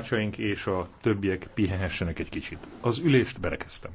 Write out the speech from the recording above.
tolmácsaink és a többiek pihenhessenek egy kicsit. Az ülést berekeztem.